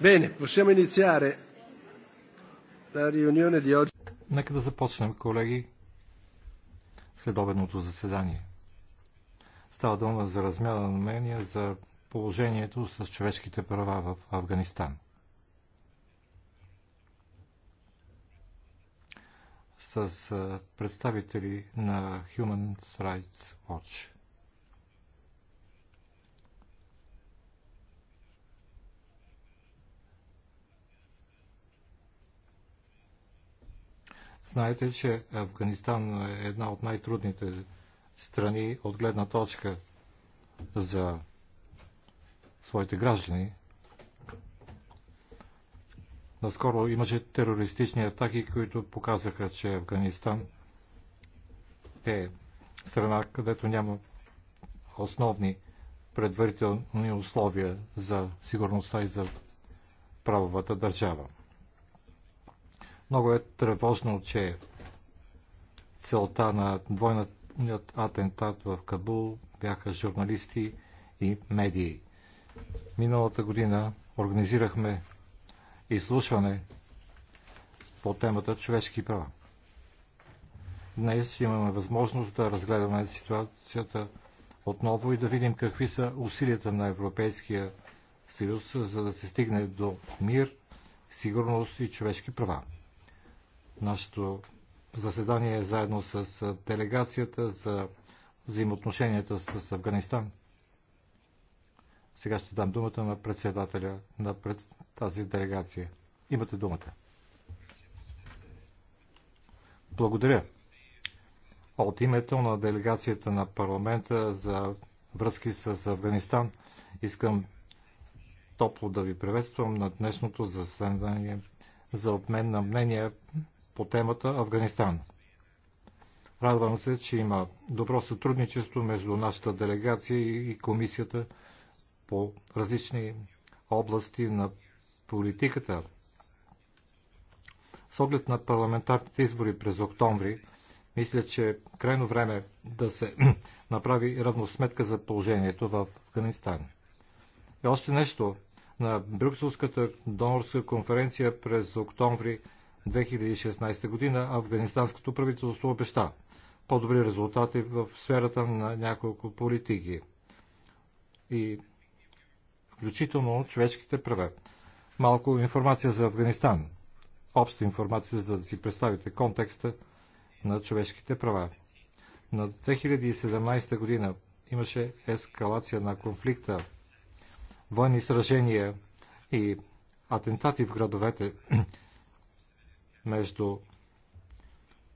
Bene, possiamo iniziare la riunione di oggi. Нека да започнем, колеги, следобедното заседание. Става дума за размяна на мнения за положението с човешките права в Афганистан. С представители на Human Rights Watch. Знаете, че Афганистан е една от най-трудните страни от гледна точка за своите граждани. Наскоро имаше терористични атаки, които показаха, че Афганистан е страна, където няма основни предварителни условия за сигурността и за правовата държава. Много е тревожно, че целта на двойният атентат в Кабул бяха журналисти и медии. Миналата година организирахме изслушване по темата човешки права. Днес имаме възможност да разгледаме ситуацията отново и да видим какви са усилията на Европейския съюз, за да се стигне до мир, сигурност и човешки права. Нашето заседание е заедно с делегацията за взаимоотношенията с Афганистан. Сега ще дам думата на председателя на пред... тази делегация. Имате думата. Благодаря. От името на делегацията на парламента за връзки с Афганистан искам топло да ви приветствам на днешното заседание за обмен на мнения по темата Афганистан. Радвам се, че има добро сътрудничество между нашата делегация и комисията по различни области на политиката. С оглед на парламентарните избори през октомври, мисля, че е крайно време да се направи равносметка за положението в Афганистан. И още нещо. На Брюкселската донорска конференция през октомври 2016 година афганистанското правителство обеща по-добри резултати в сферата на няколко политики и включително човешките права. Малко информация за Афганистан. Обща информация, за да си представите контекста на човешките права. На 2017 година имаше ескалация на конфликта, военни сражения и атентати в градовете между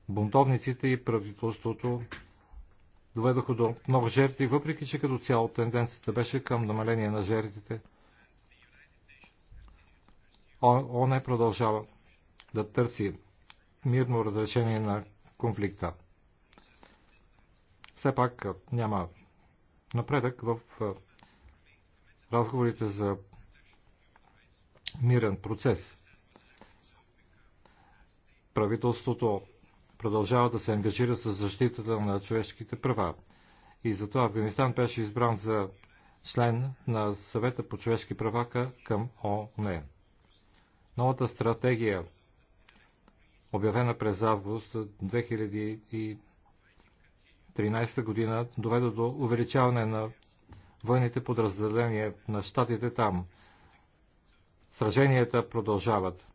бунтовниците и правителството доведоха до много жертви, въпреки че като цяло тенденцията беше към намаление на жертвите. ООН продължава да търси мирно разрешение на конфликта. Все пак няма напредък в разговорите за мирен процес правителството продължава да се ангажира с защитата на човешките права. И затова Афганистан беше избран за член на съвета по човешки права към ООН. Новата стратегия, обявена през август 2013 година, доведе до увеличаване на военните подразделения на щатите там. Сраженията продължават.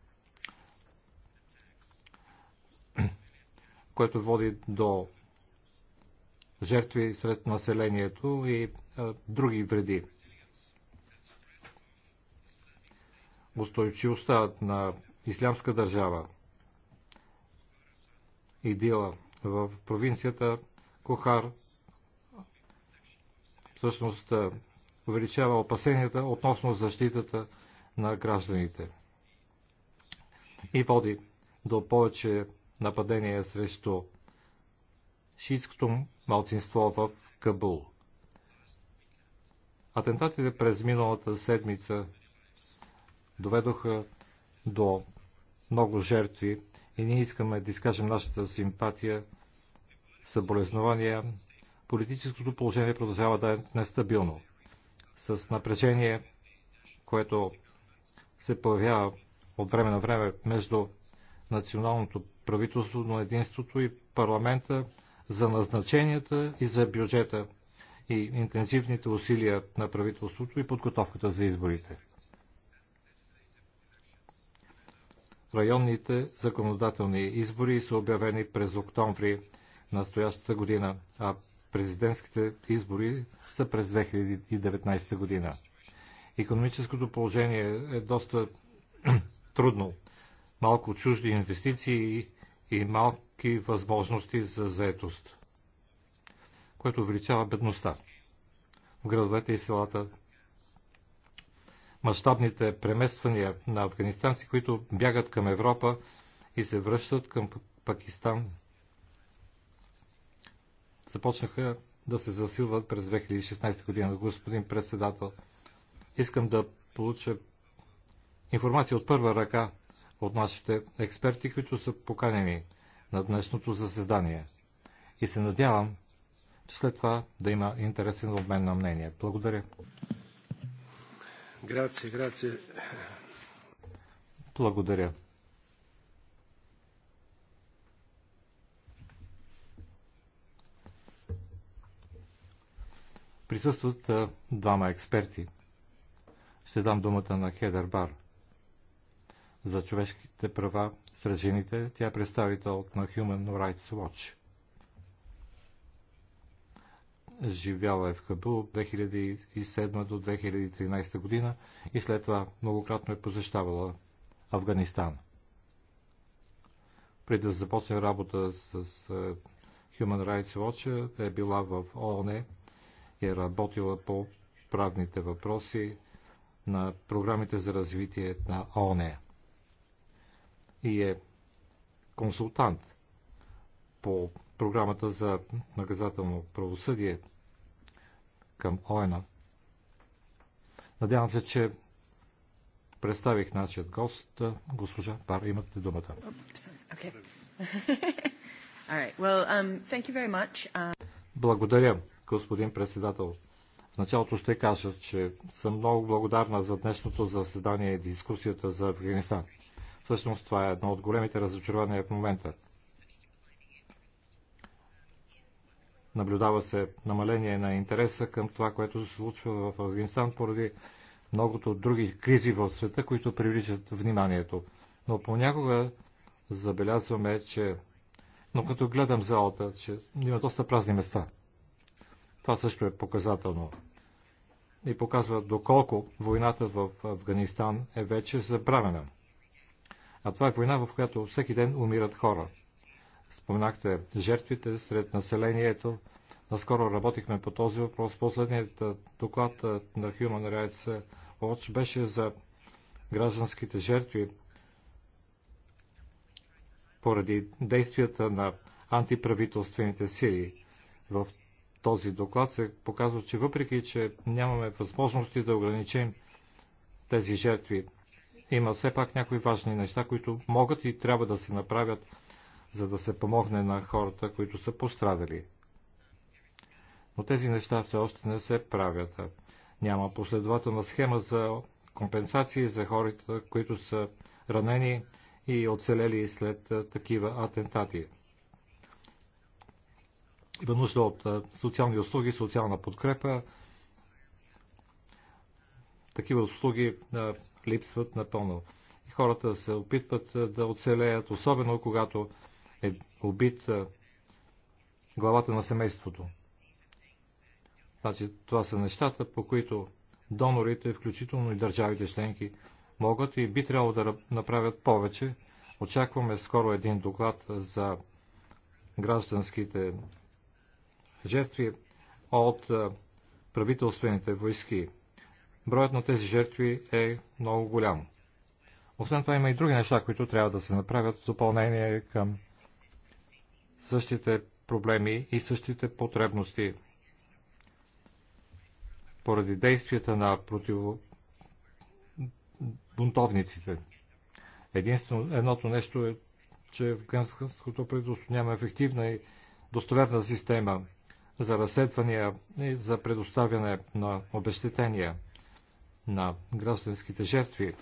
което води до жертви сред населението и а, други вреди. Устойчивостта на ислямска държава и дила в провинцията Кохар всъщност увеличава опасенията относно защитата на гражданите и води до повече нападение срещу шиитското малцинство в Кабул. Атентатите през миналата седмица доведоха до много жертви и ние искаме да изкажем нашата симпатия, съболезнования. Политическото положение продължава да е нестабилно. С напрежение, което се появява от време на време между националното правителството на единството и парламента за назначенията и за бюджета и интензивните усилия на правителството и подготовката за изборите. Районните законодателни избори са обявени през октомври настоящата година, а президентските избори са през 2019 година. Економическото положение е доста трудно. Малко чужди инвестиции и малки възможности за заетост, което увеличава бедността в градовете и селата. Мащабните премествания на афганистанци, които бягат към Европа и се връщат към Пакистан, започнаха да се засилват през 2016 година. Господин председател, искам да получа информация от първа ръка от нашите експерти, които са поканени на днешното заседание. И се надявам, че след това да има интересен обмен на мнение. Благодаря. Грация, грация. Благодаря. Присъстват двама експерти. Ще дам думата на Хедър Бар за човешките права сред жените. Тя е представител на Human Rights Watch. Живяла е в Хабул 2007 до 2013 година и след това многократно е посещавала Афганистан. Преди да започне работа с е, Human Rights Watch е била в ООН и е работила по правните въпроси на програмите за развитие на ООН и е консултант по програмата за наказателно правосъдие към ОЕНА. Надявам се, че представих нашият гост. Госпожа Пар, имате думата. Um, uh, Благодаря, господин председател. В началото ще кажа, че съм много благодарна за днешното заседание и дискусията за Афганистан. Всъщност това е едно от големите разочарования в момента. Наблюдава се намаление на интереса към това, което се случва в Афганистан поради многото други кризи в света, които привличат вниманието. Но понякога забелязваме, че... Но като гледам залата, че има доста празни места. Това също е показателно и показва доколко войната в Афганистан е вече забравена. А това е война, в която всеки ден умират хора. Споменахте жертвите сред населението. Наскоро работихме по този въпрос. Последният доклад на Human Rights Watch беше за гражданските жертви поради действията на антиправителствените сили. В този доклад се показва, че въпреки, че нямаме възможности да ограничим тези жертви, има все пак някои важни неща, които могат и трябва да се направят, за да се помогне на хората, които са пострадали. Но тези неща все още не се правят. Няма последователна схема за компенсации за хората, които са ранени и оцелели след такива атентати. Има нужда от социални услуги, социална подкрепа, такива услуги липсват напълно. И хората се опитват да оцелеят, особено когато е убит главата на семейството. Значи, това са нещата, по които донорите, включително и държавите членки, могат и би трябвало да направят повече. Очакваме скоро един доклад за гражданските жертви от правителствените войски броят на тези жертви е много голям. Освен това има и други неща, които трябва да се направят в допълнение към същите проблеми и същите потребности. Поради действията на противобунтовниците. Единствено, едното нещо е, че в гънсканското правителство няма ефективна и достоверна система за разследвания и за предоставяне на обещетения – на гражданските жертви.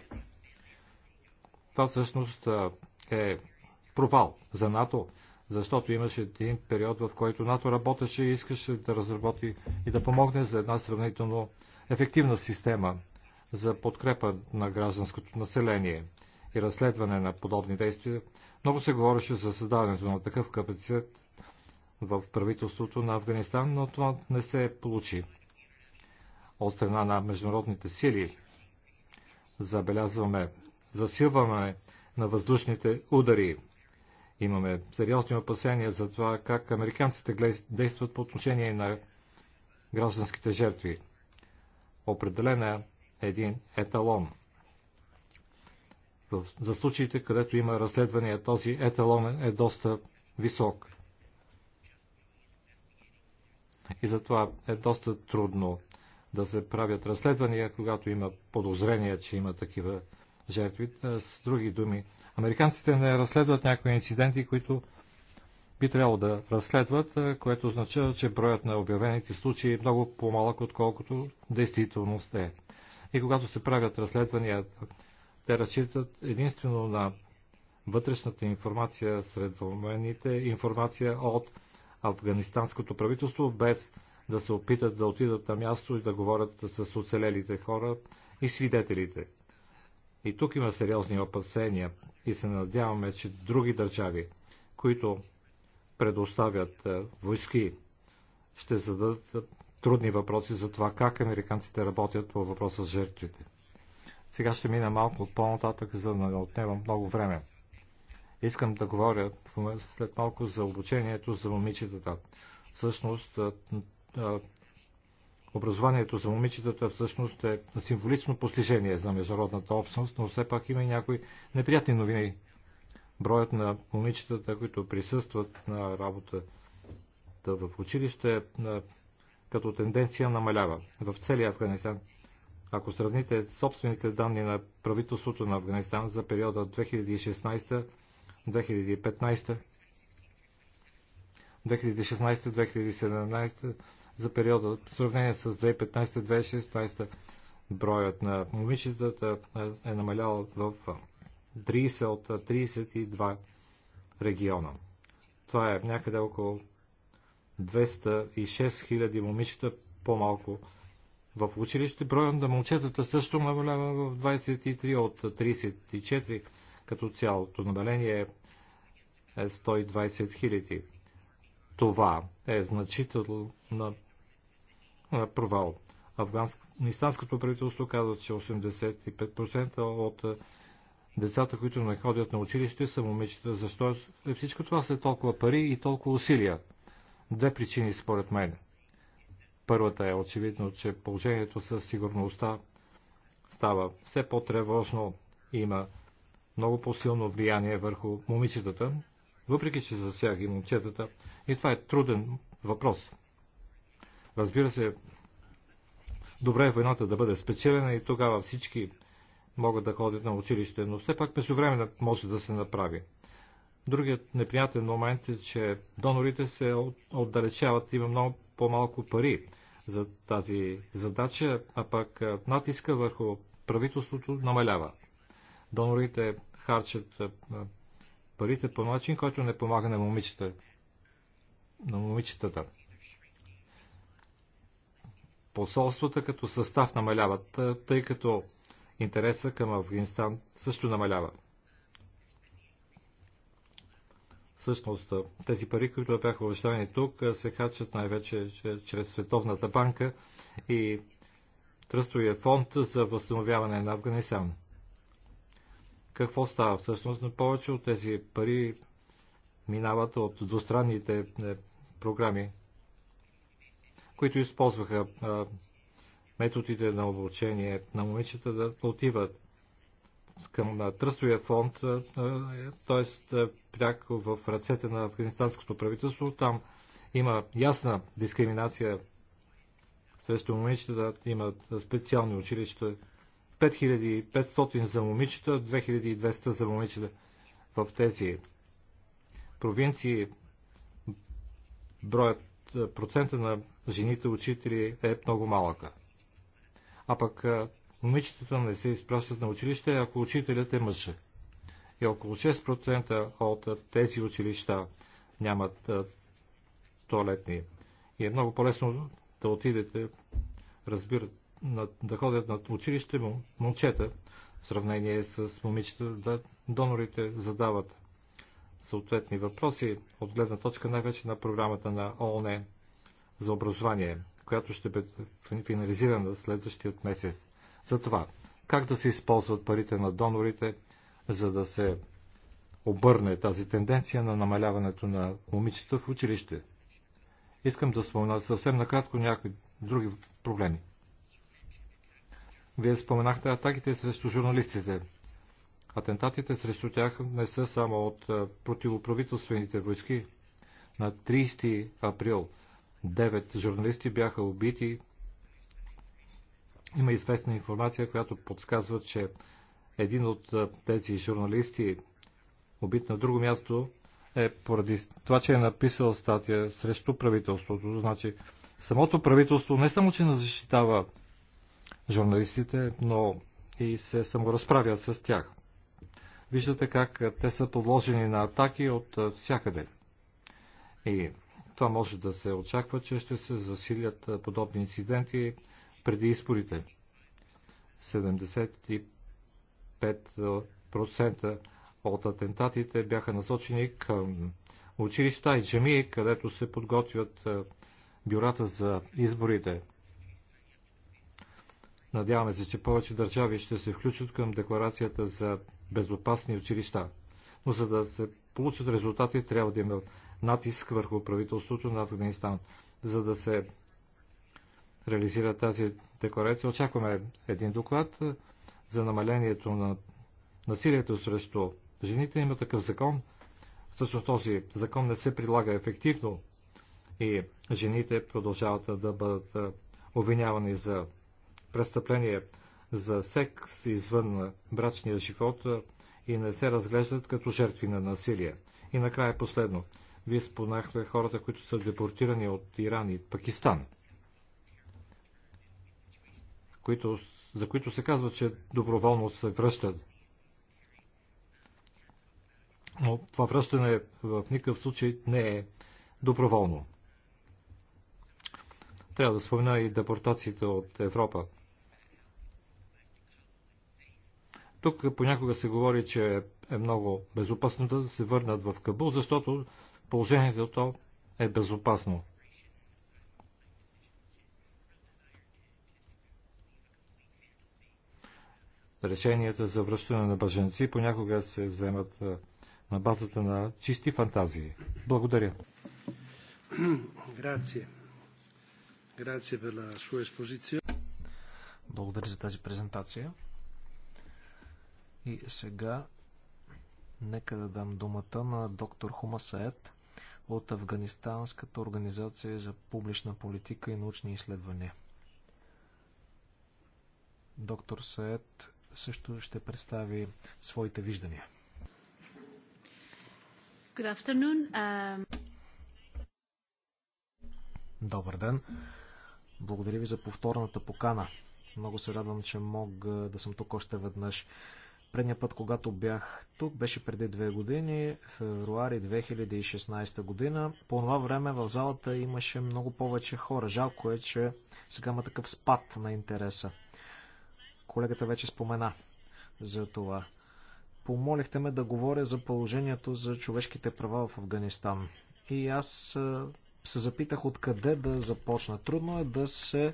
Това всъщност е провал за НАТО, защото имаше един период, в който НАТО работеше и искаше да разработи и да помогне за една сравнително ефективна система за подкрепа на гражданското население и разследване на подобни действия. Много се говореше за създаването на такъв капацитет в правителството на Афганистан, но това не се получи от страна на международните сили. Забелязваме засилване на въздушните удари. Имаме сериозни опасения за това как американците действат по отношение на гражданските жертви. Определен е един еталон. За случаите, където има разследвания, този еталон е доста висок. И затова е доста трудно да се правят разследвания, когато има подозрения, че има такива жертви. Е, с други думи, американците не разследват някои инциденти, които би трябвало да разследват, е, което означава, че броят на обявените случаи е много по-малък, отколкото действителност е. И когато се правят разследвания, те разчитат единствено на вътрешната информация сред военните, информация от афганистанското правителство, без да се опитат да отидат на място и да говорят с оцелелите хора и свидетелите. И тук има сериозни опасения и се надяваме, че други държави, които предоставят е, войски, ще зададат трудни въпроси за това как американците работят по въпроса с жертвите. Сега ще мина малко по-нататък, за да не отнемам много време. Искам да говоря след малко за обучението за момичетата. Всъщност, е, образованието за момичетата всъщност е символично постижение за международната общност, но все пак има и някои неприятни новини. Броят на момичетата, които присъстват на работа в училище, като тенденция намалява. В целия Афганистан, ако сравните собствените данни на правителството на Афганистан за периода 2016-2015, 2016-2017, за периода в сравнение с 2015-2016 броят на момичетата е намалял в 30 от 32 региона. Това е някъде около 206 000 момичета по-малко в училище. Броят на момчетата също намалява в 23 от 34, като цялото намаление е 120 е 000. Това е значително на провал. Афганистанското правителство казва, че 85% от децата, които не ходят на училище, са момичета. Защо е всичко това след толкова пари и толкова усилия? Две причини според мен. Първата е очевидно, че положението със сигурността става все по-тревожно и има много по-силно влияние върху момичетата, въпреки че засяга и момчетата. И това е труден въпрос. Разбира се, добре е войната да бъде спечелена и тогава всички могат да ходят на училище, но все пак време може да се направи. Другият неприятен момент е, че донорите се отдалечават, има много по-малко пари за тази задача, а пък натиска върху правителството намалява. Донорите харчат парите по начин, който не помага на момичета. На момичетата посолствата като състав намаляват, тъй като интереса към Афганистан също намалява. Всъщност, тези пари, които бяха обещани тук, се хачат най-вече чрез Световната банка и Тръстовия фонд за възстановяване на Афганистан. Какво става всъщност? Но повече от тези пари минават от двустранните е, програми които използваха а, методите на обучение на момичета да отиват към тръстовия фонд, т.е. пряко в ръцете на афганистанското правителство. Там има ясна дискриминация срещу момичета. има специални училища. 5500 за момичета, 2200 за момичета в тези провинции. Броят процента на жените учители е много малък. А пък момичетата не се изпращат на училище, ако учителят е мъж. И около 6% от тези училища нямат туалетни. И е много по-лесно да отидете, разбират, на, да ходят на училище момчета в сравнение с момичета. Да, донорите задават съответни въпроси от гледна точка най-вече на програмата на ООН за образование, която ще бъде финализирана следващият месец. За това, как да се използват парите на донорите, за да се обърне тази тенденция на намаляването на момичета в училище. Искам да спомена съвсем накратко някои други проблеми. Вие споменахте атаките срещу журналистите. Атентатите срещу тях не са само от противоправителствените войски. На 30 април 9 журналисти бяха убити. Има известна информация, която подсказва, че един от тези журналисти, убит на друго място, е поради това, че е написал статия срещу правителството. Значи, самото правителство не само, че не защитава журналистите, но и се саморазправя с тях. Виждате как те са подложени на атаки от всякъде. И това може да се очаква, че ще се засилят подобни инциденти преди изборите. 75% от атентатите бяха насочени към училища и джами, където се подготвят бюрата за изборите. Надяваме се, че повече държави ще се включат към декларацията за безопасни училища. Но за да се получат резултати, трябва да има натиск върху правителството на Афганистан. За да се реализира тази декларация, очакваме един доклад за намалението на насилието срещу жените. Има такъв закон. Всъщност този закон не се прилага ефективно и жените продължават да бъдат обвинявани за престъпление за секс извън брачния живот и не се разглеждат като жертви на насилие. И накрая последно. Вие спонахте хората, които са депортирани от Иран и Пакистан, които, за които се казва, че доброволно се връщат. Но това връщане в никакъв случай не е доброволно. Трябва да спомена и депортациите от Европа. Тук понякога се говори, че е много безопасно да се върнат в Кабул, защото положението то е безопасно. Решенията за връщане на бъженци понякога се вземат на базата на чисти фантазии. Благодаря. Грация. Грация за la Благодаря за тази презентация. И сега нека да дам думата на доктор Хума Саед от Афганистанската организация за публична политика и научни изследвания. Доктор Саед също ще представи своите виждания. Good afternoon. Um... Добър ден. Благодаря ви за повторната покана. Много се радвам, че мога да съм тук още веднъж. Предния път, когато бях тук, беше преди две години, февруари 2016 година. По това време в залата имаше много повече хора. Жалко е, че сега има такъв спад на интереса. Колегата вече спомена за това. Помолихте ме да говоря за положението за човешките права в Афганистан. И аз се запитах откъде да започна. Трудно е да се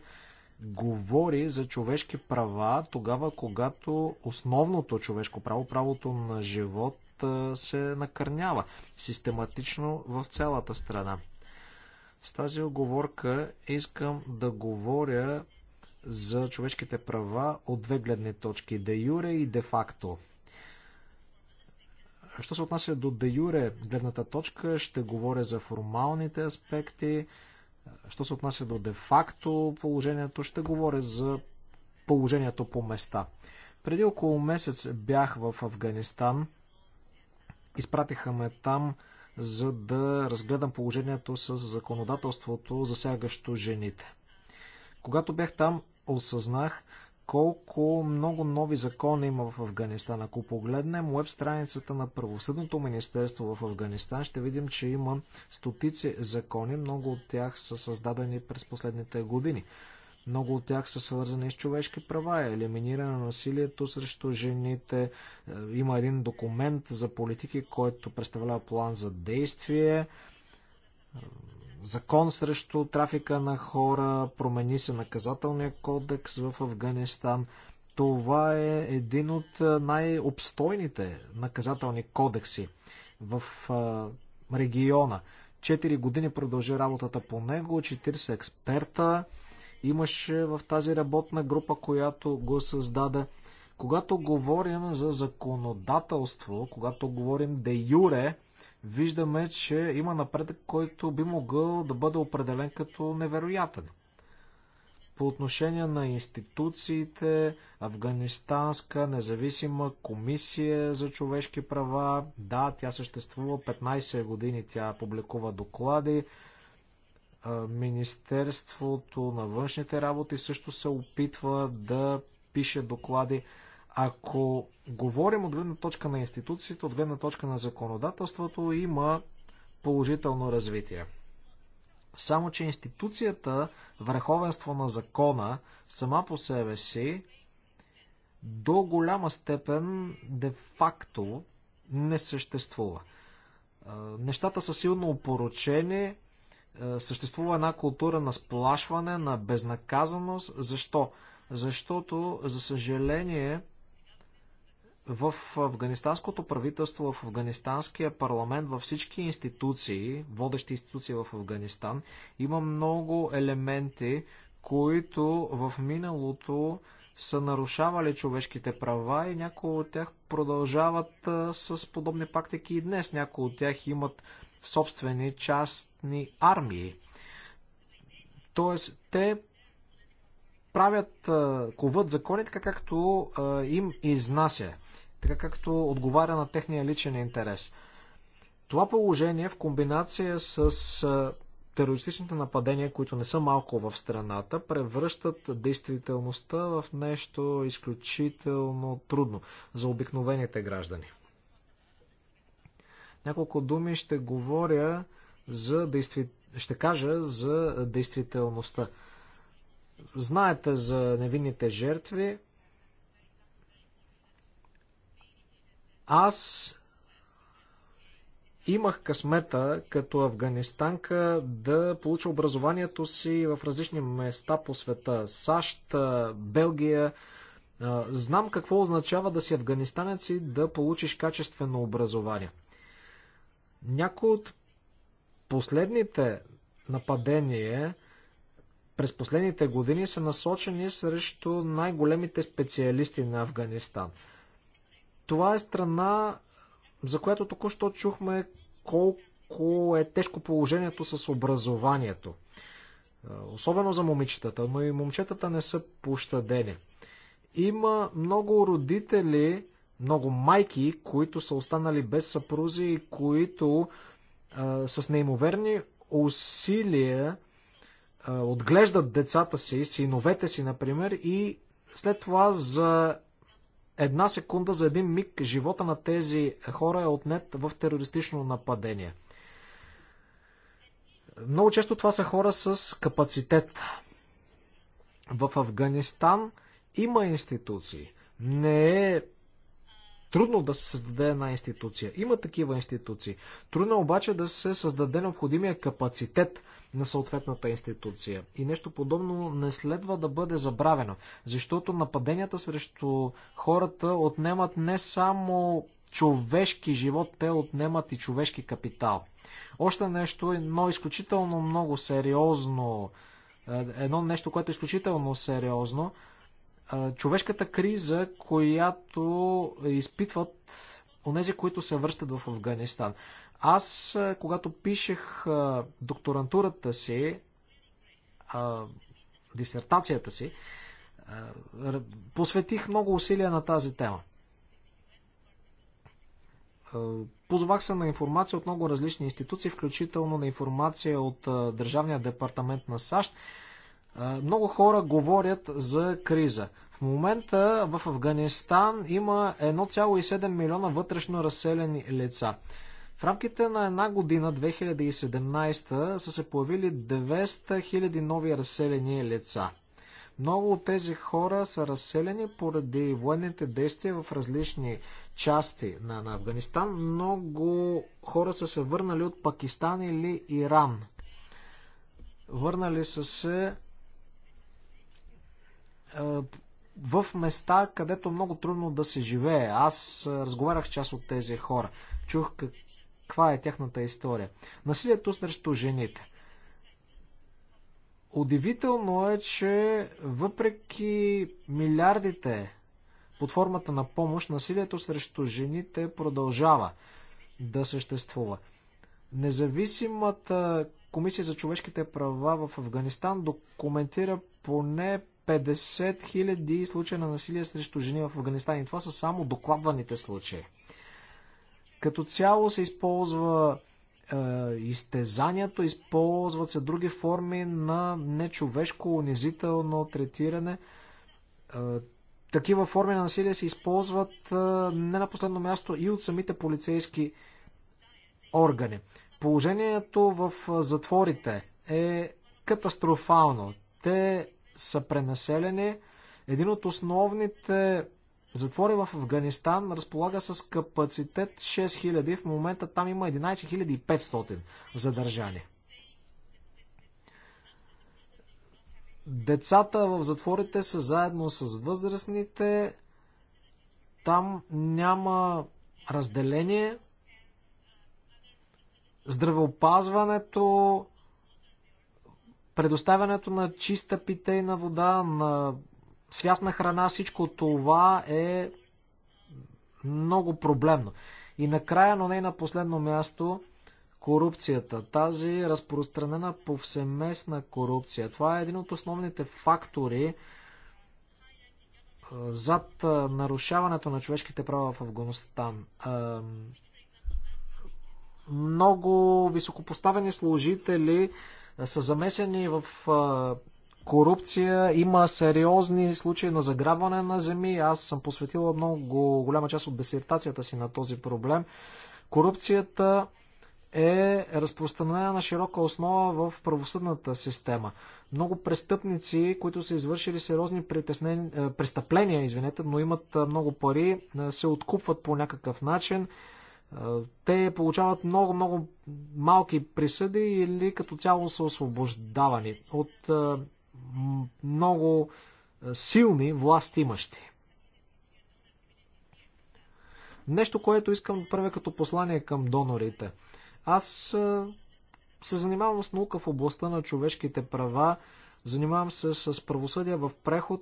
говори за човешки права тогава, когато основното човешко право, правото на живот, се накърнява систематично в цялата страна. С тази оговорка искам да говоря за човешките права от две гледни точки – де юре и де факто. Що се отнася до де юре гледната точка, ще говоря за формалните аспекти – Що се отнася до де-факто положението, ще говоря за положението по места. Преди около месец бях в Афганистан. Изпратиха ме там, за да разгледам положението с законодателството, засягащо жените. Когато бях там, осъзнах, колко много нови закони има в Афганистан. Ако погледнем веб страницата на Правосъдното министерство в Афганистан, ще видим, че има стотици закони. Много от тях са създадени през последните години. Много от тях са свързани с човешки права, елиминиране на насилието срещу жените. Е, има един документ за политики, който представлява план за действие е, закон срещу трафика на хора, промени се наказателния кодекс в Афганистан. Това е един от най-обстойните наказателни кодекси в региона. Четири години продължи работата по него, 40 експерта имаше в тази работна група, която го създаде. Когато говорим за законодателство, когато говорим де юре, виждаме, че има напредък, който би могъл да бъде определен като невероятен. По отношение на институциите, Афганистанска независима комисия за човешки права, да, тя съществува 15 години, тя публикува доклади. Министерството на външните работи също се опитва да пише доклади. Ако говорим от гледна точка на институциите, от гледна точка на законодателството, има положително развитие. Само, че институцията върховенство на закона сама по себе си до голяма степен де-факто не съществува. Нещата са силно опорочени, съществува една култура на сплашване, на безнаказаност. Защо? Защото, за съжаление, в афганистанското правителство, в афганистанския парламент, във всички институции, водещи институции в Афганистан, има много елементи, които в миналото са нарушавали човешките права и някои от тях продължават а, с подобни практики и днес. Някои от тях имат собствени частни армии. Тоест, те правят, коват закони така както а, им изнася така както отговаря на техния личен интерес. Това положение в комбинация с терористичните нападения, които не са малко в страната, превръщат действителността в нещо изключително трудно за обикновените граждани. Няколко думи ще говоря за действи... ще кажа за действителността. Знаете за невинните жертви. Аз имах късмета като афганистанка да получа образованието си в различни места по света. САЩ, Белгия. Знам какво означава да си афганистанец и да получиш качествено образование. Някои от последните нападения през последните години са насочени срещу най-големите специалисти на Афганистан – това е страна, за която току-що чухме колко е тежко положението с образованието. Особено за момичетата, но и момчетата не са пощадени. Има много родители, много майки, които са останали без съпрузи и които а, с неимоверни усилия а, отглеждат децата си, синовете си, например, и след това за една секунда, за един миг, живота на тези хора е отнет в терористично нападение. Много често това са хора с капацитет. В Афганистан има институции. Не е трудно да се създаде една институция. Има такива институции. Трудно е обаче да се създаде необходимия капацитет – на съответната институция. И нещо подобно не следва да бъде забравено, защото нападенията срещу хората отнемат не само човешки живот, те отнемат и човешки капитал. Още нещо, но изключително много сериозно, е, едно нещо, което е изключително сериозно, е, човешката криза, която изпитват онези, които се връщат в Афганистан. Аз, е, когато пишех е, докторантурата си, е, дисертацията си, посветих много усилия на тази тема. Позвах се на информация от много различни институции, включително на информация от Държавния департамент на САЩ. Много хора говорят за криза. В момента в Афганистан има 1,7 милиона вътрешно разселени лица. В рамките на една година, 2017, са се появили 200 хиляди нови разселени лица. Много от тези хора са разселени поради военните действия в различни части на, на Афганистан. Много хора са се върнали от Пакистан или Иран. Върнали са се в места, където много трудно да се живее. Аз разговарях част от тези хора. Чух каква е тяхната история. Насилието срещу жените. Удивително е, че въпреки милиардите под формата на помощ, насилието срещу жените продължава да съществува. Независимата комисия за човешките права в Афганистан документира поне 50 000 случая на насилие срещу жени в Афганистан. И това са само докладваните случаи. Като цяло се използва е, изтезанието, използват се други форми на нечовешко, унизително третиране. Е, такива форми на насилие се използват е, не на последно място и от самите полицейски органи. Положението в затворите е катастрофално. Те са пренаселени. Един от основните затвори в Афганистан разполага с капацитет 6000, в момента там има 11500 задържани. Децата в затворите са заедно с възрастните. Там няма разделение. Здравеопазването Предоставянето на чиста питейна вода, на свясна храна, всичко това е много проблемно. И накрая, но не на последно място, корупцията. Тази разпространена повсеместна корупция. Това е един от основните фактори зад нарушаването на човешките права в Афганистан. Много високопоставени служители са замесени в корупция, има сериозни случаи на заграбване на земи. Аз съм посветила много голяма част от дисертацията си на този проблем. Корупцията е разпространена на широка основа в правосъдната система. Много престъпници, които са извършили сериозни престъпления, извинете, но имат много пари, се откупват по някакъв начин. Те получават много, много малки присъди или като цяло са освобождавани от много силни власти имащи. Нещо, което искам да правя като послание към донорите. Аз се занимавам с наука в областта на човешките права, занимавам се с правосъдие в преход,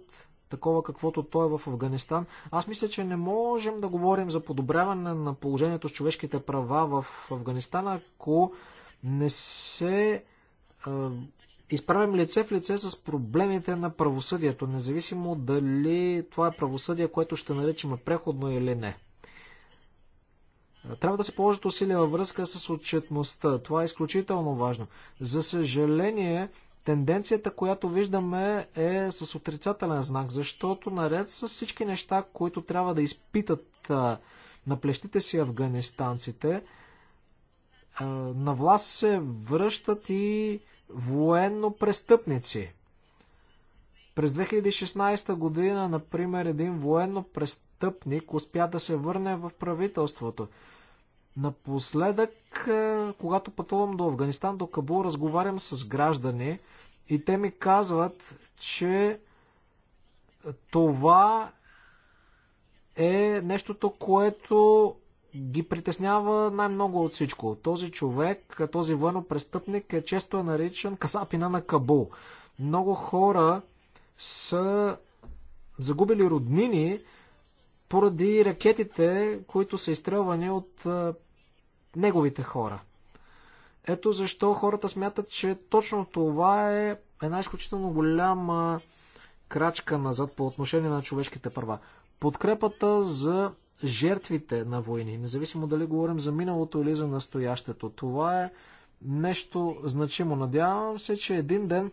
такова каквото то е в Афганистан. Аз мисля, че не можем да говорим за подобряване на положението с човешките права в Афганистан, ако не се изправим лице в лице с проблемите на правосъдието, независимо дали това е правосъдие, което ще наричим преходно или не. Трябва да се положат усилия във връзка с отчетността. Това е изключително важно. За съжаление, Тенденцията, която виждаме е с отрицателен знак, защото наред с всички неща, които трябва да изпитат на плещите си афганистанците, на власт се връщат и военно престъпници. През 2016 година, например, един военно престъпник успя да се върне в правителството. Напоследък, когато пътувам до Афганистан, до Кабул, разговарям с граждани, и те ми казват, че това е нещото, което ги притеснява най-много от всичко. Този човек, този военно-престъпник е често е наричан Касапина на Кабул. Много хора са загубили роднини поради ракетите, които са изстрелвани от неговите хора. Ето защо хората смятат, че точно това е една изключително голяма крачка назад по отношение на човешките права. Подкрепата за жертвите на войни, независимо дали говорим за миналото или за настоящето, това е нещо значимо. Надявам се, че един ден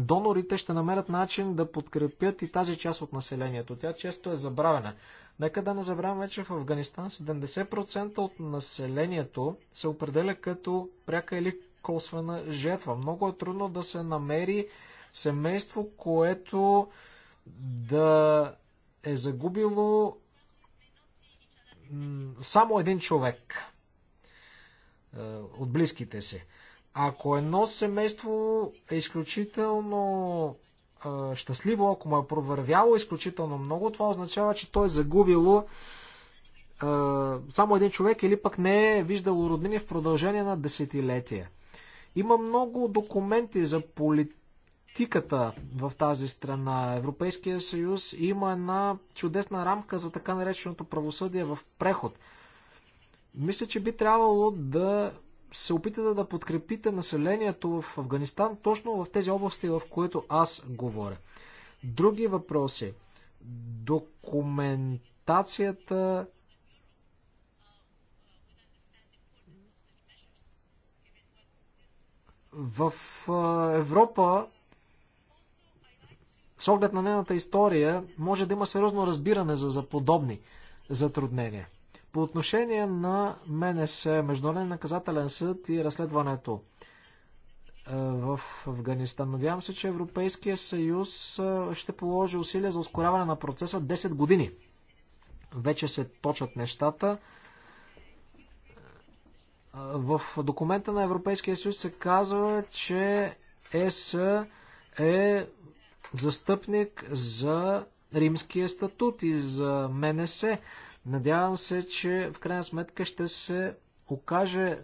донорите ще намерят начин да подкрепят и тази част от населението. Тя често е забравена. Нека да не забравяме, че в Афганистан 70% от населението се определя като пряка или косвена жертва. Много е трудно да се намери семейство, което да е загубило само един човек е, от близките си. Ако едно семейство е изключително щастливо, ако му е провървяло изключително много, това означава, че той е загубило а, само един човек или пък не е виждал роднини в продължение на десетилетия. Има много документи за политиката в тази страна. Европейския съюз има една чудесна рамка за така нареченото правосъдие в преход. Мисля, че би трябвало да се опитате да подкрепите населението в Афганистан точно в тези области, в които аз говоря. Други въпроси. Документацията в Европа с оглед на нейната история може да има сериозно разбиране за, за подобни затруднения. По отношение на МНС, Международен наказателен съд и разследването е, в Афганистан. Надявам се, че Европейския съюз е, ще положи усилия за ускоряване на процеса 10 години. Вече се точат нещата. Е, в документа на Европейския съюз се казва, че ЕС е застъпник за римския статут и за МНС. Надявам се, че в крайна сметка ще се окаже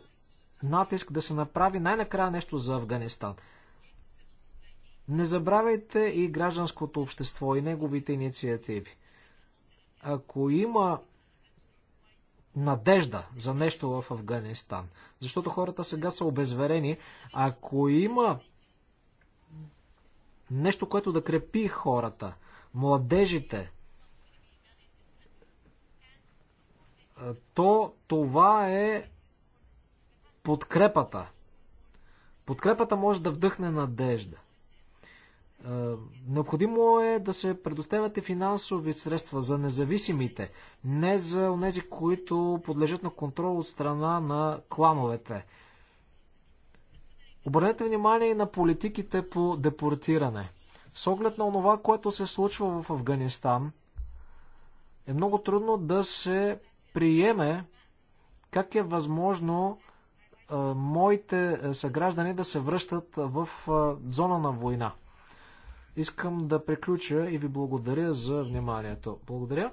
натиск да се направи най-накрая нещо за Афганистан. Не забравяйте и гражданското общество и неговите инициативи. Ако има надежда за нещо в Афганистан, защото хората сега са обезверени, ако има нещо, което да крепи хората, младежите, то това е подкрепата. Подкрепата може да вдъхне надежда. Е, необходимо е да се предоставят и финансови средства за независимите, не за тези, които подлежат на контрол от страна на клановете. Обърнете внимание и на политиките по депортиране. С оглед на това, което се случва в Афганистан, е много трудно да се приеме как е възможно а, моите съграждани да се връщат в а, зона на война. Искам да приключа и ви благодаря за вниманието. Благодаря.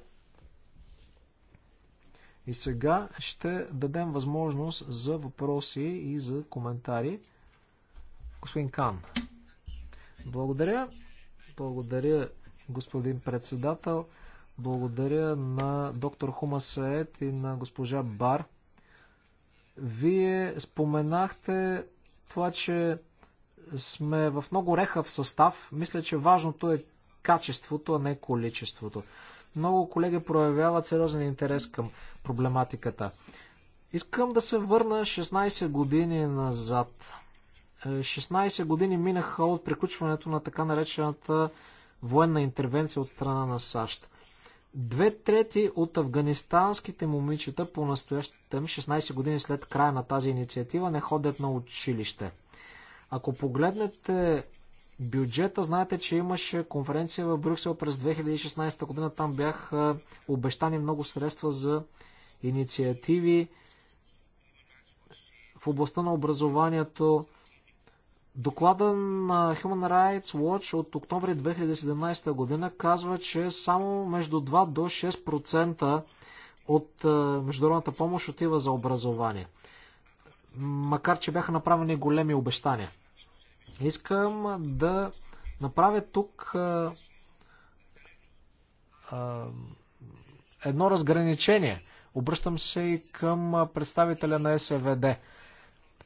И сега ще дадем възможност за въпроси и за коментари. Господин Кан. Благодаря. Благодаря, господин председател. Благодаря на доктор Хума Саед и на госпожа Бар. Вие споменахте това, че сме в много рехав състав. Мисля, че важното е качеството, а не количеството. Много колеги проявяват сериозен интерес към проблематиката. Искам да се върна 16 години назад. 16 е, години минаха от приключването на така наречената военна интервенция от страна на САЩ. Две трети от афганистанските момичета по настоящем, 16 години след края на тази инициатива, не ходят на училище. Ако погледнете бюджета, знаете, че имаше конференция в Брюксел през 2016 година. Там бяха обещани много средства за инициативи в областта на образованието. Доклада на Human Rights Watch от октомври 2017 година казва, че само между 2 до 6% от е, международната помощ отива за образование. Макар, че бяха направени големи обещания. Искам да направя тук е, е, едно разграничение. Обръщам се и към представителя на СВД.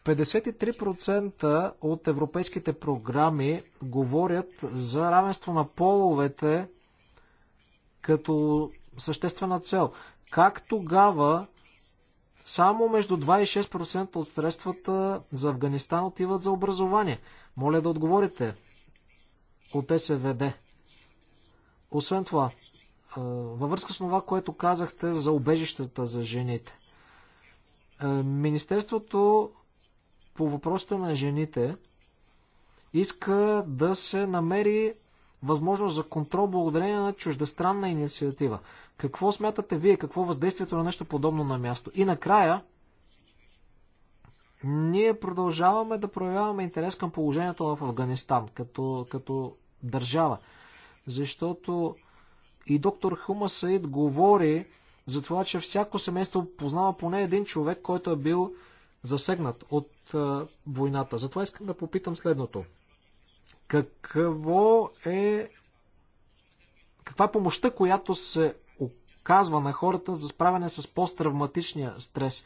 53% от европейските програми говорят за равенство на половете като съществена цел. Как тогава само между 26% от средствата за Афганистан отиват за образование? Моля да отговорите от СВД. Освен това, във връзка с това, което казахте за обежищата за жените. Е, Министерството по въпросите на жените иска да се намери възможност за контрол благодарение на чуждестранна инициатива. Какво смятате вие? Какво е въздействието на нещо подобно на място? И накрая, ние продължаваме да проявяваме интерес към положението в Афганистан, като, като държава. Защото и доктор Хума Саид говори за това, че всяко семейство познава поне един човек, който е бил засегнат от войната. Затова искам да попитам следното. Какво е каква е помощта, която се оказва на хората за справяне с посттравматичния стрес?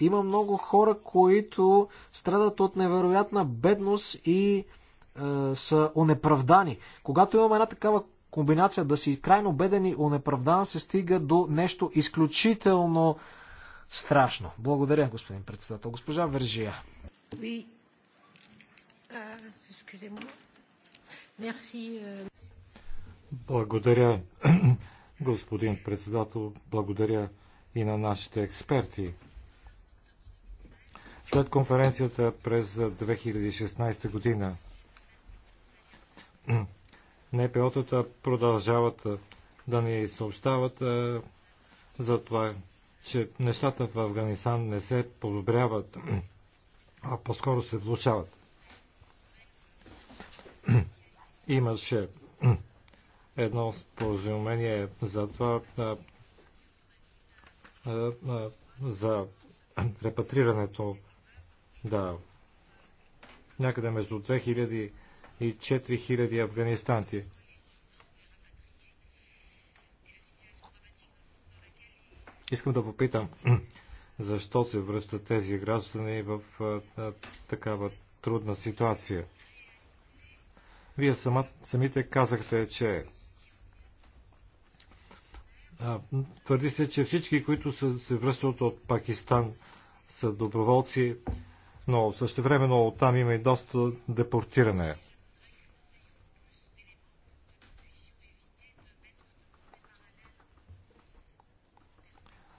Има много хора, които страдат от невероятна бедност и е, са онеправдани. Когато имаме една такава комбинация да си крайно беден и онеправдан, се стига до нещо изключително страшно. Благодаря, господин председател. Госпожа Вържия. Oui. Uh, Благодаря, господин председател. Благодаря и на нашите експерти. След конференцията през 2016 година НПО-тата продължават да ни съобщават за това, че нещата в Афганистан не се подобряват, а по-скоро се влушават. Имаше едно споразумение за това за репатрирането да някъде между 2000 и 4000 афганистанти Искам да попитам, защо се връщат тези граждани в такава трудна ситуация? Вие сама, самите казахте, че а, твърди се, че всички, които са, се връщат от Пакистан, са доброволци, но също времено оттам има и доста депортиране.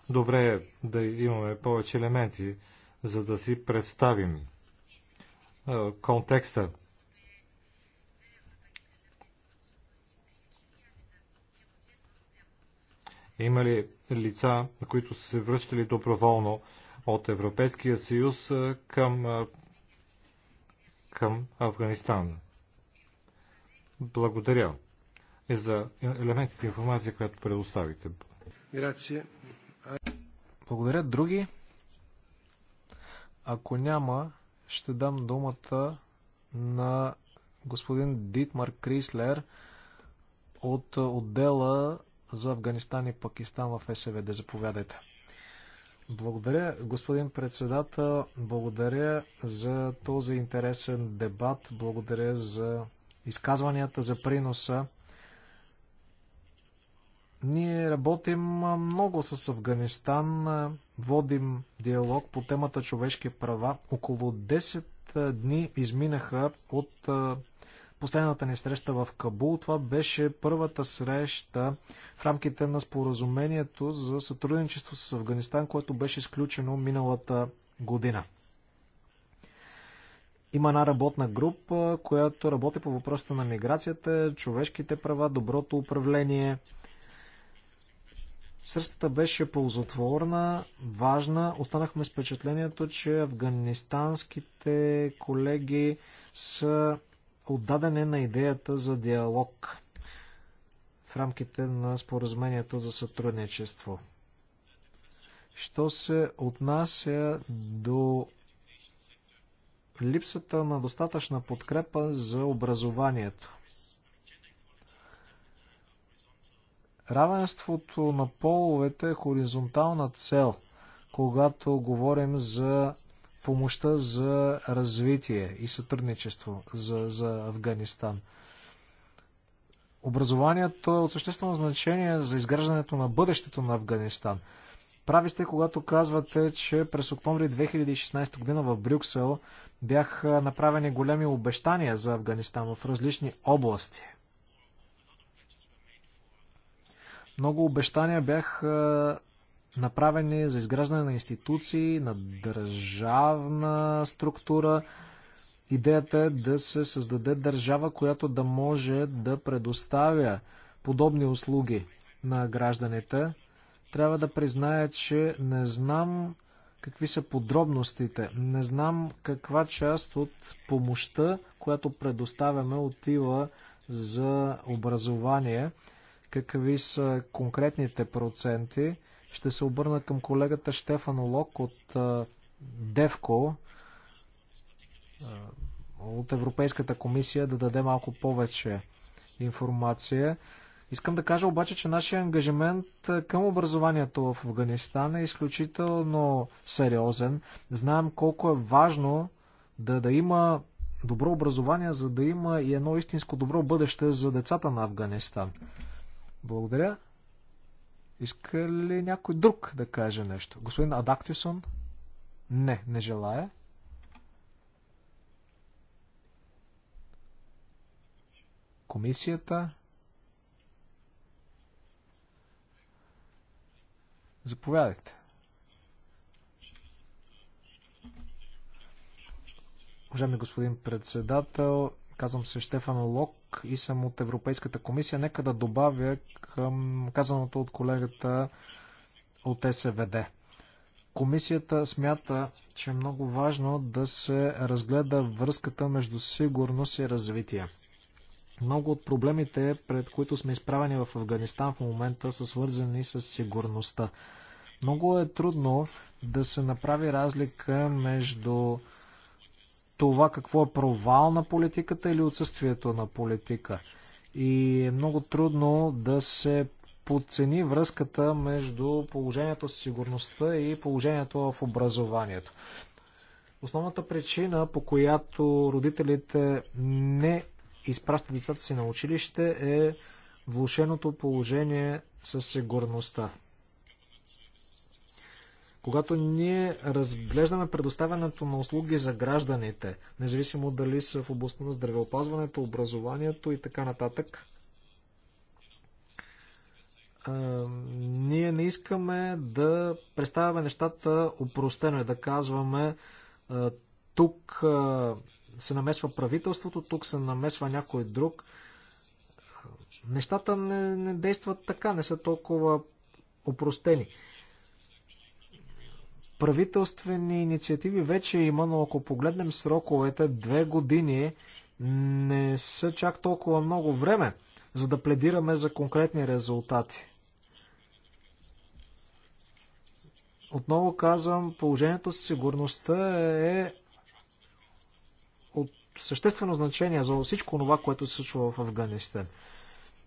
Добре е да имаме повече елементи, за да си представим е, контекста. Има ли лица, които са се връщали доброволно от Европейския съюз е, към, е, към Афганистан? Благодаря за елементите информация, която предоставите. Грация. Благодаря. Други? Ако няма, ще дам думата на господин Дитмар Крислер от отдела за Афганистан и Пакистан в СВД. Заповядайте. Благодаря, господин председател. Благодаря за този интересен дебат. Благодаря за изказванията, за приноса. Ние работим много с Афганистан, водим диалог по темата човешки права. Около 10 дни изминаха от последната ни среща в Кабул. Това беше първата среща в рамките на споразумението за сътрудничество с Афганистан, което беше изключено миналата година. Има една работна група, която работи по въпросите на миграцията, човешките права, доброто управление. Срещата беше ползотворна, важна. Останахме с впечатлението, че афганистанските колеги са отдадени на идеята за диалог в рамките на споразумението за сътрудничество. Що се отнася до липсата на достатъчна подкрепа за образованието. Равенството на половете е хоризонтална цел, когато говорим за помощта за развитие и сътрудничество за, за Афганистан. Образованието е от съществено значение за изграждането на бъдещето на Афганистан. Прави сте, когато казвате, че през октомври 2016 година в Брюксел бяха направени големи обещания за Афганистан в различни области – Много обещания бяха направени за изграждане на институции, на държавна структура. Идеята е да се създаде държава, която да може да предоставя подобни услуги на гражданите. Трябва да призная, че не знам какви са подробностите. Не знам каква част от помощта, която предоставяме, отива за образование какви са конкретните проценти. Ще се обърна към колегата Штефан Лок от Девко, от Европейската комисия, да даде малко повече информация. Искам да кажа обаче, че нашия ангажимент към образованието в Афганистан е изключително сериозен. Знаем колко е важно да, да има добро образование, за да има и едно истинско добро бъдеще за децата на Афганистан. Благодаря. Иска ли някой друг да каже нещо? Господин Адактисон? Не, не желая. Комисията? Заповядайте. Уважаеми господин председател, Казвам се Штефан Лок и съм от Европейската комисия. Нека да добавя към казаното от колегата от СВД. Комисията смята, че е много важно да се разгледа връзката между сигурност и развитие. Много от проблемите, пред които сме изправени в Афганистан в момента, са свързани с сигурността. Много е трудно да се направи разлика между това какво е провал на политиката или отсъствието на политика. И е много трудно да се подцени връзката между положението с сигурността и положението в образованието. Основната причина, по която родителите не изпращат децата си на училище е влушеното положение със сигурността. Когато ние разглеждаме предоставянето на услуги за гражданите, независимо дали са в областта на здравеопазването, образованието и така нататък, ние не искаме да представяме нещата упростено и да казваме тук се намесва правителството, тук се намесва някой друг. Нещата не, не действат така, не са толкова упростени правителствени инициативи вече има, но ако погледнем сроковете, две години не са чак толкова много време, за да пледираме за конкретни резултати. Отново казвам, положението с сигурността е от съществено значение за всичко това, което се случва в Афганистан.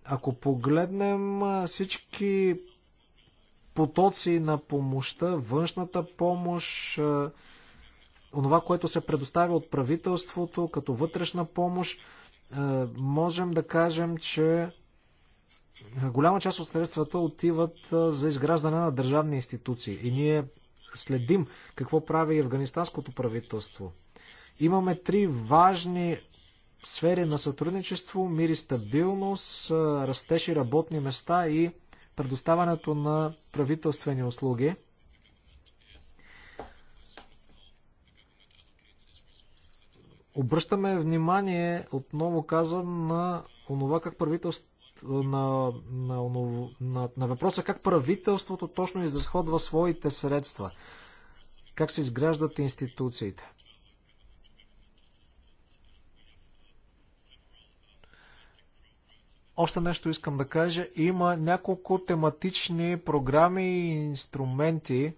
Ако погледнем всички потоци на помощта, външната помощ, е, онова, което се предоставя от правителството като вътрешна помощ, е, можем да кажем, че голяма част от средствата отиват е, за изграждане на държавни институции. И ние следим какво прави афганистанското правителство. Имаме три важни сфери на сътрудничество, мир и стабилност, растеж и работни места и предоставянето на правителствени услуги. Обръщаме внимание, отново казвам, на онова как правителство на, на, на, на въпроса как правителството точно изразходва своите средства, как се изграждат институциите. Още нещо искам да кажа. Има няколко тематични програми и инструменти.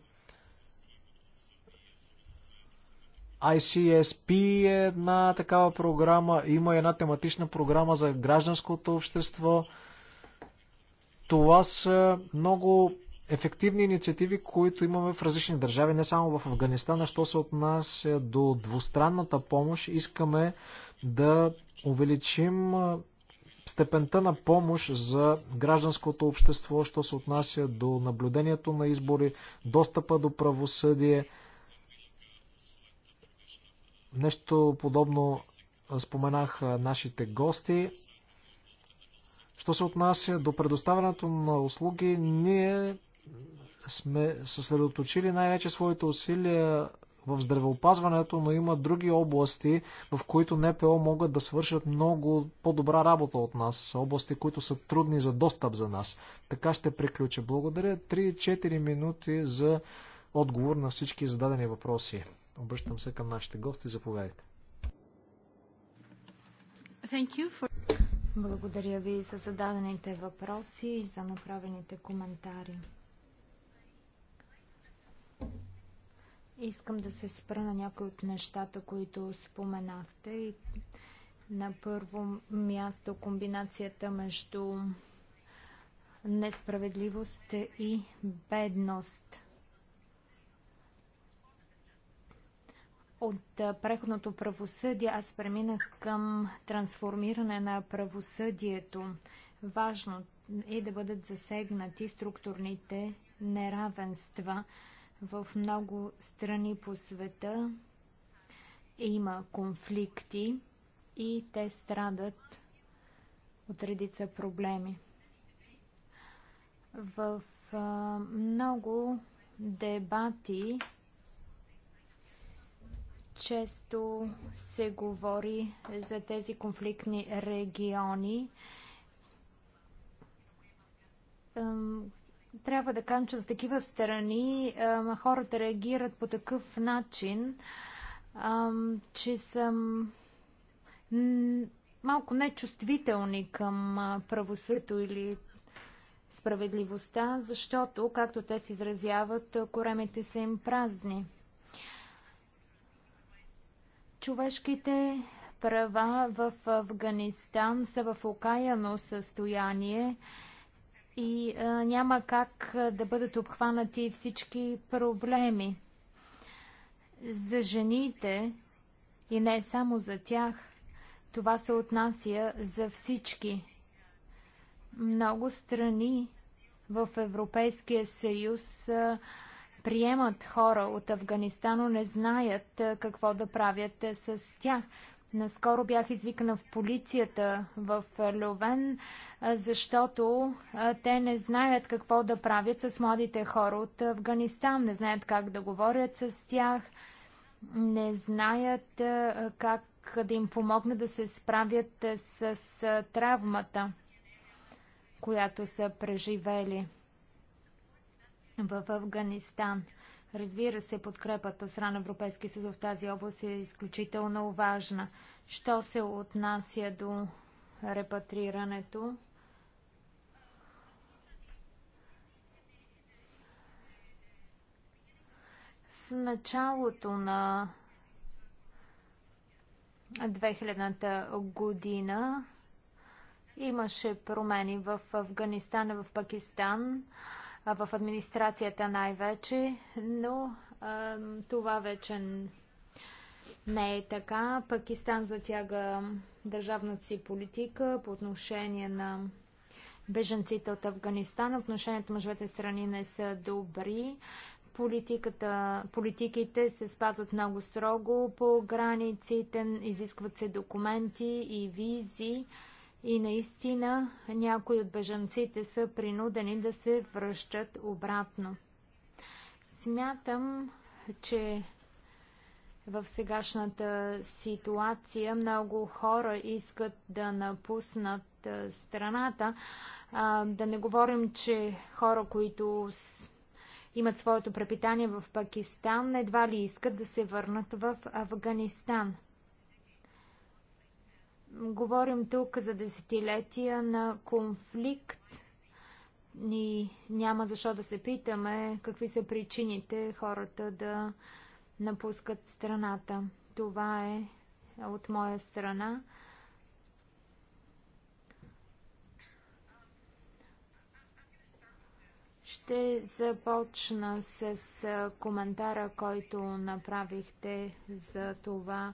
ICSP е една такава програма. Има една тематична програма за гражданското общество. Това са много ефективни инициативи, които имаме в различни държави, не само в Афганистан, а що се отнася до двустранната помощ, искаме да увеличим степента на помощ за гражданското общество, що се отнася до наблюдението на избори, достъпа до правосъдие. Нещо подобно споменах нашите гости. Що се отнася до предоставянето на услуги, ние сме съсредоточили най-вече своите усилия в здравеопазването, но има други области, в които НПО могат да свършат много по-добра работа от нас. Области, които са трудни за достъп за нас. Така ще приключа. Благодаря. 3-4 минути за отговор на всички зададени въпроси. Обръщам се към нашите гости. Заповядайте. For... Благодаря ви за зададените въпроси и за направените коментари. Искам да се спра на някои от нещата, които споменахте. И на първо място комбинацията между несправедливост и бедност. От преходното правосъдие аз преминах към трансформиране на правосъдието. Важно е да бъдат засегнати структурните неравенства – в много страни по света има конфликти и те страдат от редица проблеми. В а, много дебати често се говори за тези конфликтни региони, трябва да кажем, че за такива страни хората реагират по такъв начин, че съм малко нечувствителни към правосъдието или справедливостта, защото, както те се изразяват, коремите са им празни. Човешките права в Афганистан са в окаяно състояние и а, няма как да бъдат обхванати всички проблеми. За жените и не само за тях, това се отнася за всички. Много страни в Европейския съюз а, приемат хора от Афганистан, но не знаят а, какво да правят а, с тях. Наскоро бях извикана в полицията в Льовен, защото те не знаят какво да правят с младите хора от Афганистан, не знаят как да говорят с тях, не знаят как да им помогнат да се справят с травмата, която са преживели в Афганистан. Разбира се, подкрепата от страна Европейски съюз в тази област е изключително важна. Що се отнася до репатрирането? В началото на 2000-та година имаше промени в Афганистан и в Пакистан в администрацията най-вече, но това вече не е така. Пакистан затяга държавната си политика по отношение на беженците от Афганистан. Отношението между двете страни не са добри. Политиката, политиките се спазват много строго по границите, изискват се документи и визи. И наистина някои от бежанците са принудени да се връщат обратно. Смятам, че в сегашната ситуация много хора искат да напуснат страната. А, да не говорим, че хора, които с... имат своето препитание в Пакистан, едва ли искат да се върнат в Афганистан. Говорим тук за десетилетия на конфликт. Ни няма защо да се питаме какви са причините хората да напускат страната. Това е от моя страна. Ще започна с коментара, който направихте за това,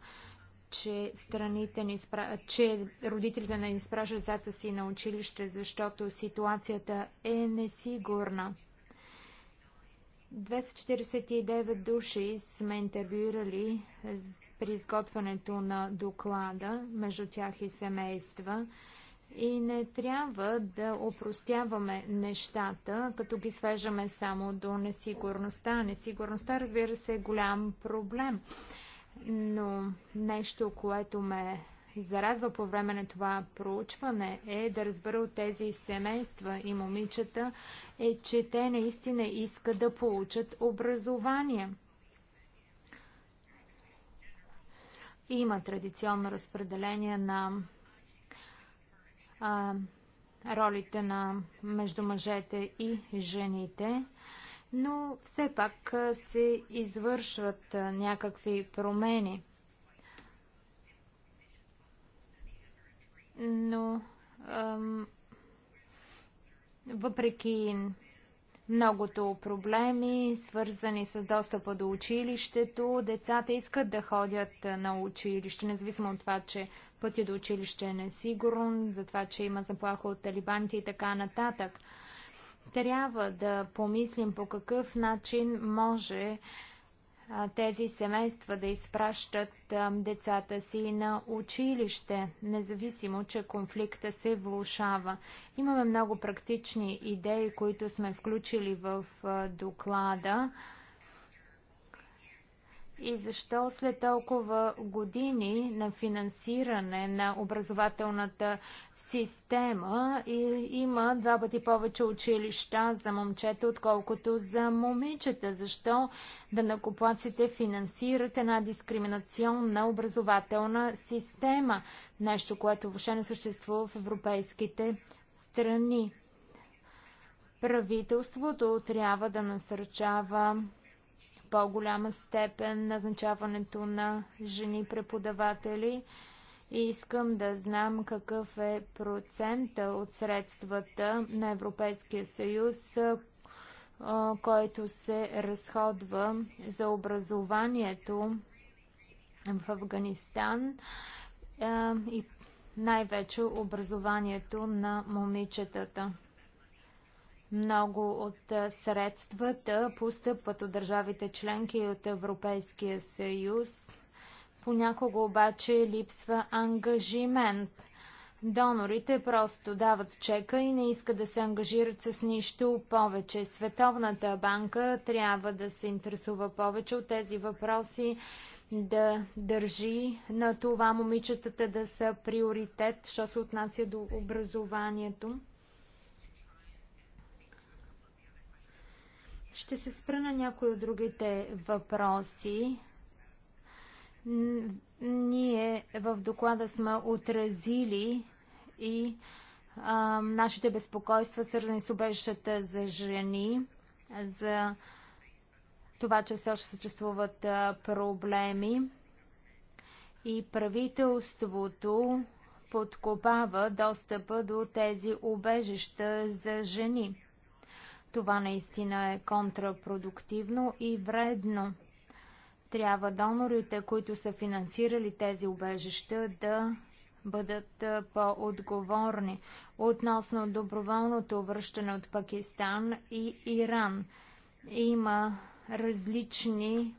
че страните не спра... че родителите не изпращат децата си на училище, защото ситуацията е несигурна. 249 души сме интервюирали при изготвянето на доклада, между тях и семейства. И не трябва да опростяваме нещата, като ги свежаме само до несигурността. Несигурността, разбира се, е голям проблем но нещо, което ме зарадва по време на това проучване е да разбера от тези семейства и момичета е, че те наистина искат да получат образование. Има традиционно разпределение на а, ролите на между мъжете и жените но все пак се извършват някакви промени. Но ам, въпреки многото проблеми, свързани с достъпа до училището. Децата искат да ходят на училище, независимо от това, че пътя до училище е несигурен, за това, че има заплаха от талибаните и така нататък. Трябва да помислим по какъв начин може тези семейства да изпращат децата си на училище, независимо, че конфликта се влушава. Имаме много практични идеи, които сме включили в доклада и защо след толкова години на финансиране на образователната система и, има два пъти повече училища за момчета, отколкото за момичета? Защо да накоплаците финансират една дискриминационна образователна система? Нещо, което въобще не съществува в европейските страни. Правителството трябва да насърчава по-голяма степен назначаването на жени преподаватели и искам да знам какъв е процента от средствата на Европейския съюз, който се разходва за образованието в Афганистан и най-вече образованието на момичетата. Много от средствата постъпват от държавите членки и от Европейския съюз. Понякога обаче липсва ангажимент. Донорите просто дават чека и не искат да се ангажират с нищо повече. Световната банка трябва да се интересува повече от тези въпроси, да държи на това момичетата да са приоритет, що се отнася до образованието. Ще се спра на някои от другите въпроси. Ние в доклада сме отразили и а, нашите безпокойства, свързани с обещата за жени, за това, че все още съществуват а, проблеми и правителството подкопава достъпа до тези убежища за жени. Това наистина е контрапродуктивно и вредно. Трябва донорите, които са финансирали тези убежища, да бъдат по-отговорни относно доброволното връщане от Пакистан и Иран. Има различни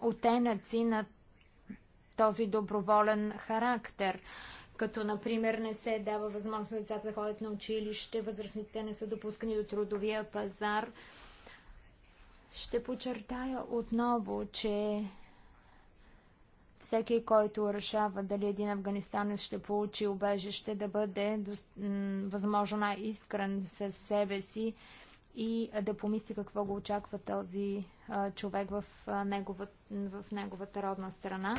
оттенъци на този доброволен характер като например не се дава възможност на децата да ходят на училище, възрастните не са допускани до трудовия пазар. Ще подчертая отново, че всеки, който решава дали един афганистанец ще получи убежище, да бъде възможно най-искрен със себе си и да помисли какво го очаква този човек в, неговата, в неговата родна страна.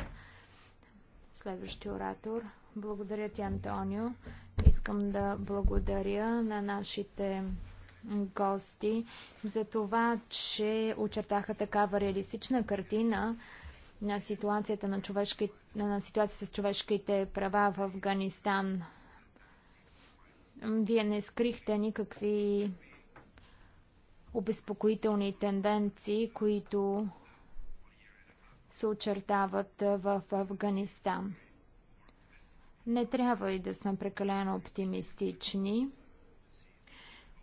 Следващия оратор. Благодаря ти, Антонио. Искам да благодаря на нашите гости за това, че очертаха такава реалистична картина на ситуацията, на човешки, на ситуацията с човешките права в Афганистан. Вие не скрихте никакви обезпокоителни тенденции, които се очертават в Афганистан. Не трябва и да сме прекалено оптимистични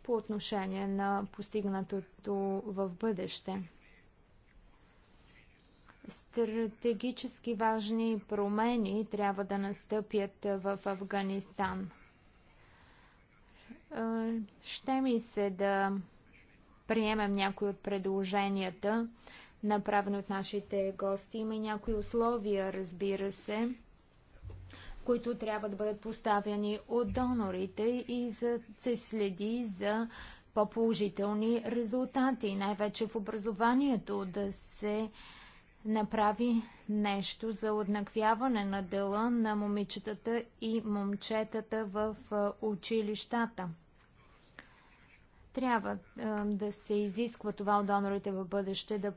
по отношение на постигнатото в бъдеще. Стратегически важни промени трябва да настъпят в Афганистан. Е, ще ми се да приемем някои от предложенията, направени от нашите гости. Има и някои условия, разбира се които трябва да бъдат поставени от донорите и за се следи за по-положителни резултати, най-вече в образованието, да се направи нещо за однаквяване на дела на момичетата и момчетата в училищата. Трябва да се изисква това от донорите в бъдеще да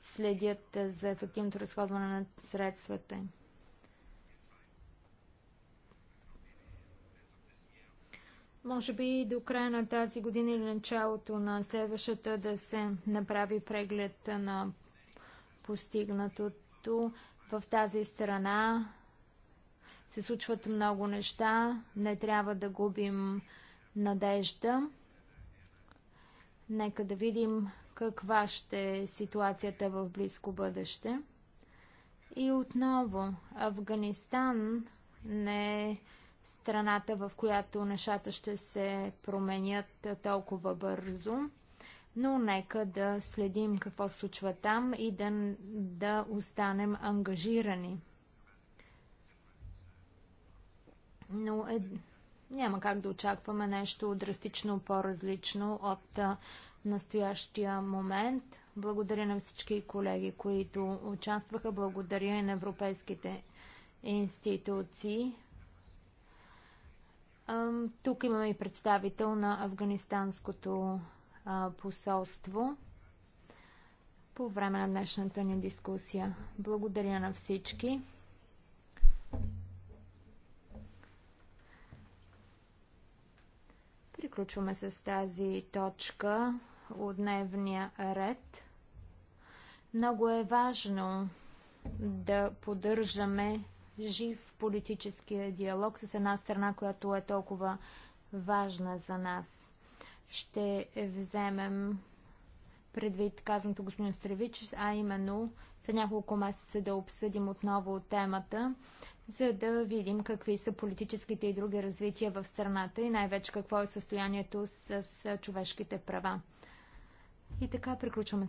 следят за ефективното разходване на средствата им. Може би до края на тази година или началото на следващата да се направи преглед на постигнатото в тази страна. Се случват много неща, не трябва да губим надежда. Нека да видим каква ще е ситуацията в близко бъдеще. И отново, Афганистан не е страната, в която нещата ще се променят толкова бързо. Но нека да следим какво се случва там и да, да останем ангажирани. Но е, няма как да очакваме нещо драстично по-различно от а, настоящия момент. Благодаря на всички колеги, които участваха. Благодаря и на европейските институции. Тук имаме и представител на Афганистанското посолство по време на днешната ни дискусия. Благодаря на всички. Приключваме с тази точка от дневния ред. Много е важно да поддържаме жив политическия диалог с една страна, която е толкова важна за нас. Ще вземем предвид казаното господин Стревич, а именно за няколко месеца да обсъдим отново темата, за да видим какви са политическите и други развития в страната и най-вече какво е състоянието с, с човешките права. И така приключваме